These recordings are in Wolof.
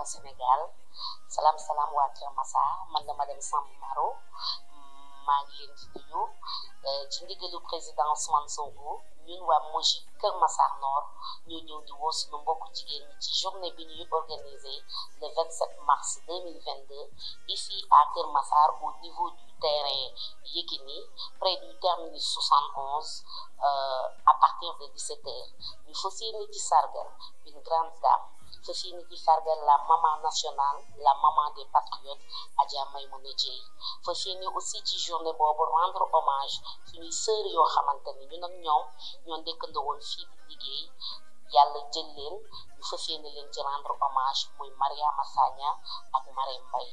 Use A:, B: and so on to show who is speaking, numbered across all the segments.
A: Sénégal oh, ya, ya. eh, eh, salam salam waa masa, Massar man dama maru. maa ngi leen Je eh, vous ci président Ousmane Sonko ñun wa Mogi Kër Nord ñu ñëw di woo suñu mbokk jigéen ñi journée bi organisé le 27 mars 2022 ici à Kermassar au niveau du terrain Yekini près du terminus 71 euh, à partir de 17 heures ñu fas yéene ci sargal une grande dame je nous qui Sargal, la maman nationale, la maman des patriotes, Adja Maïmouna Dieye. fa nous aussi ci journée pour rendre hommage à sœur yoo xamante ni ñun ak ñoom ñoo ndëkkandoo woon fii di liggéey yàlla ñu ci rendre hommage à Maria Massagna, ak Marie Mbaye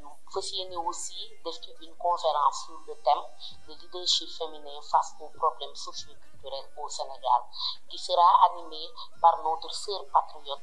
A: ñu fas aussi def une conférence sur le thème de leadership féminin face aux problèmes culturels au Sénégal qui sera animée par notre sœur patriote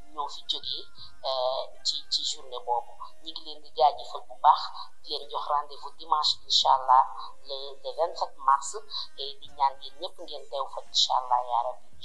A: ñoo fi jógee euh, ci ci journée boobu ñu ngi leen di jaajëfal bu baax di leen jox rendez-vous dimanche incha allah le le vingt sept mars et di ñaan yéen ñëpp ngeen teew fa incha allah yaa rabbi